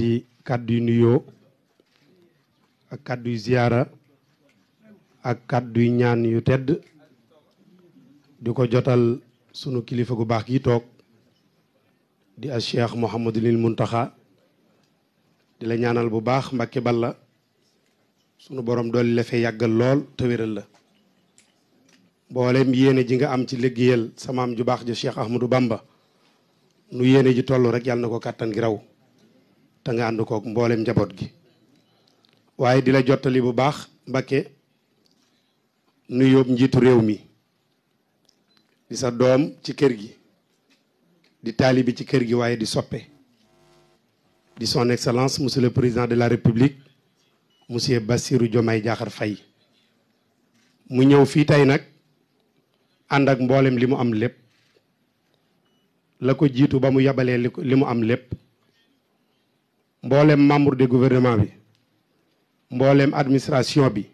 di kàddu yu nuyoo ak kàddu yu ziyaara ak kàddu yu ñaan yu tedd di ko jotal sunu kilifa gu baax gi toog di a cheikh Mouhamadulil Muntaxa di la ñaanal bu baax Mbàkke Balla sunu boroom dool la yàggal lool te wéral la mboolem yéene ji nga am ci sama am ju baax ja cheikh Ahmadou Bamba nu yéene ji toll rek yàlla na ko kàttan gi raw te nga ànd mbooleem njaboot gi waaye di la jottali bu baax Mbakke nu njiitu réew mi di sa doom ci kër gi di taalibi ci kër gi waaye di soppe di son excellence monsieur le président de la république monsieur Bassirou Diomaye Diakhar fay mu ñëw fii tey nag ànd ak mboolem li mu am lépp la ko jiitu ba mu yabalee li mu am lépp mboolem membre du gouvernement bi mboolem administration bi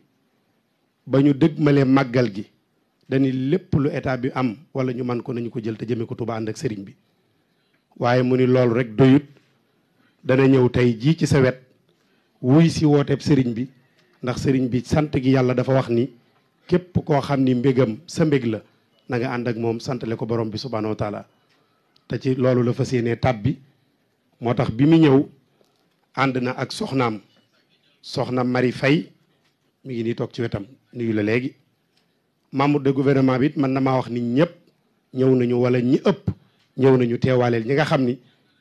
ba ñu dëgg dëgmale màggal gi dañuy lépp lu état bi am wala ñu man ko nañu ko jël te jëmee ko Tuuba ànd ak sëriñ bi waaye mu ni loolu rek doyut dana ñëw tey jii ci sa wet wuy si wooteeb sëriñ bi ndax sëriñ bi sant gi yàlla dafa wax ni képp koo xam ni mbégam sa mbég la na nga ànd ak moom santale ko borom bi subhaanahu wa te ci loolu la fas yéenee tab bi moo tax bi mu ñëw ànd na ak soxnaam soxna Marie fay mi ngi nii toog ci wetam nuyu la léegi membre de gouvernement bi it mën na maa wax ni ñëpp ñëw nañu wala ñi ëpp ñëw nañu teewaaleel ñi nga xam ni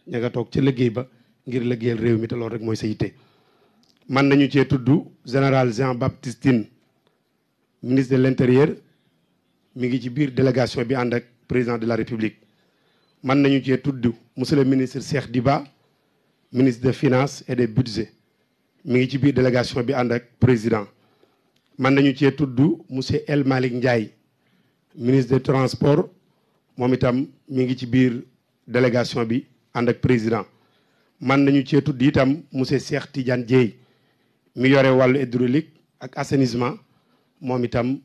ña nga toog ca liggéey ba ngir liggéeyal réew mi te loolu rek mooy sa yitte man nañu cee tudd général Jean Baptiste Tine ministre de l'intérieur mi ngi ci biir délégation bi ànd ak président de la république man nañu cee tudd monsieur le ministre di Diba ministre de finance et des budgets mi ngi ci biir délégation bi ànd ak président man nañu cee tudd monsieur El Malick Ndiaye ministre des transports moom itam mi ngi ci biir délégation bi ànd ak président man nañu cee tudd itam monsieur Cheikh Tidiane Dieye mi yore wàllu hydraulique ak assainissement moom itam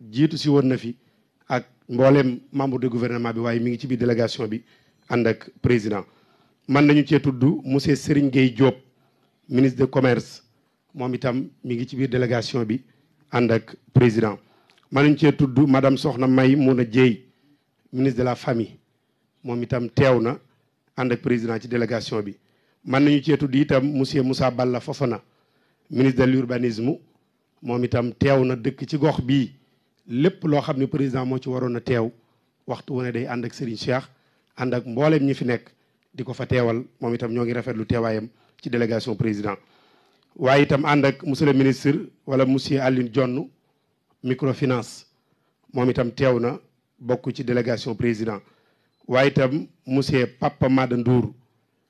jiitu si woon na fi ak mboolem membre de gouvernement bi waaye mi ngi ci biir délégation bi ànd ak président man nañu cee tudd monsieur Serigne Gueye Diop ministre de commerce moom itam mi ngi ci biir délégation bi ànd ak président man nañu cee tuddu madame Soxna May Mouna Dieye ministre de la famille moom itam teew na ànd ak président ci délégation bi man nañu cee tudd itam monsieur Moussa Balla na ministre de l'urbanisme moom itam teew na dëkk ci gox bi lépp loo xam ne président moo ci waroon a teew waxtu wu ne day ànd ak Serigne Cheikh ànd ak mboolem ñi fi nekk di ko fa teewal moom itam ñoo ngi rafetlu teewaayam ci délégation président waaye itam ànd ak monsieur le ministre wala monsieur Alioune Dione microfinance moom itam teew na bokk ci délégation président waaye itam monsieur Papa Mada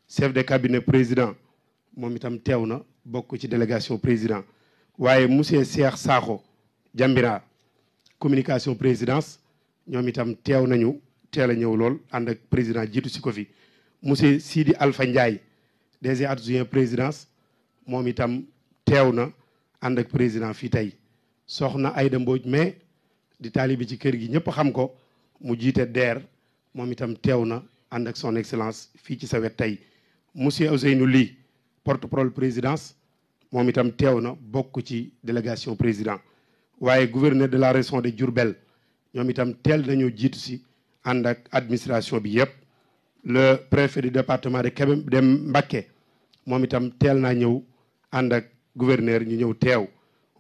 chef de cabinet président moom itam teew na bokk ci délégation président waaye monsieur Cheikh Sakho Jambira communication présidence ñoom itam teew nañu teel a ñëw lool ànd ak président jiitu si ko fi monsieur Sidi Alpha Ndiaye DG adjoint présidence moom itam teew na ànd ak président fii tey soxna Aïda mbooj mais di taalibe ci kër gi ñëpp xam ko mu jiite DER moom itam teew na ànd ak son excellence fii ci sa wet tey monsieur Ousseynou Ly porte-parole présidence moom itam teew na bokk ci délégation président waaye gouverneur de la région de Diourbel ñoom itam teel nañu jiitu si ànd ak administration bi yëpp le préfet du département de Kébé de Mbacké moom itam teel naa ñëw ànd ak gouverneur ñu ñëw teew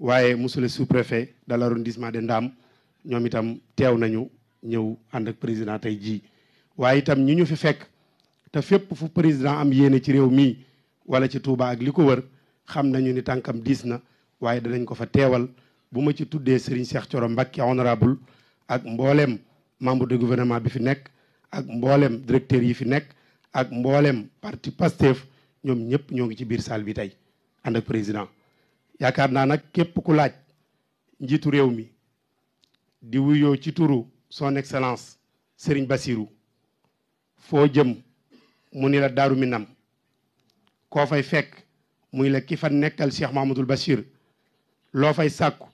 waaye monsieur le sous-préfet de l'arrondissement de ndaam ñoom itam teew nañu ñëw ànd ak président tey jii waaye itam ñu ñu fi fekk te fépp fu président am yéene ci réew mii wala ci Touba ak li ko wër xam nañu ni tànkam diis na waaye danañ ko fa teewal bu ma ci tuddee Serigne Cheikh Thioro Mbacké honorable ak mbooleem membre de gouvernement bi fi nekk ak mboolem directeur yi fi nekk ak mbooleem parti Pastef ñoom ñëpp ñoo ngi ci biir salle bi tey ànd ak président yaakaar naa nag képp ku laaj njiitu réew mi di wuyoo ci turu son excellence Serigne bassiru foo jëm mu ni la Daaru Minam koo fay fekk muy la ki fa nekkal Cheikh Mahamadoul Bachir loo fay sàkku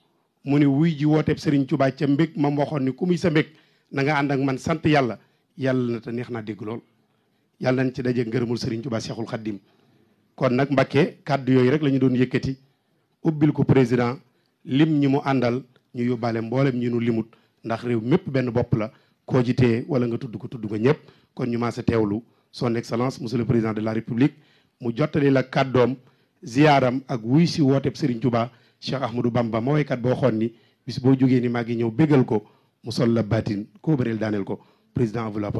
mu ni wuy ji wooteeb Serigne Touba ca mbég ma waxoon ni ku muy sa mbég na nga ànd ak man sant yàlla yàlla na te neex na dégg lool yàlla nañ ci daje ngërëmul Serigne Touba Cheikhul Khadim kon nag Mbacke kàddu yooyu rek la ñu doon yëkkati ubbil ko président lim ñi mu àndal ñu yóbbaale mboolem ñi nu limut ndax réew mépp benn bopp la koo ji tee wala nga tudd ko tudd nga ñëpp kon ñu maase teewlu son excellence monsieur le président de la république mu jottali la kàddoom ziyaaram ak wuy si wooteeb Serigne Touba Cheikh Ahmadou Bamba ma waykat boo xoon ni bis boo jógee ni maa ngi ñëw bégal ko mu sol la baatin koo bëreel daaneel ko président à vous la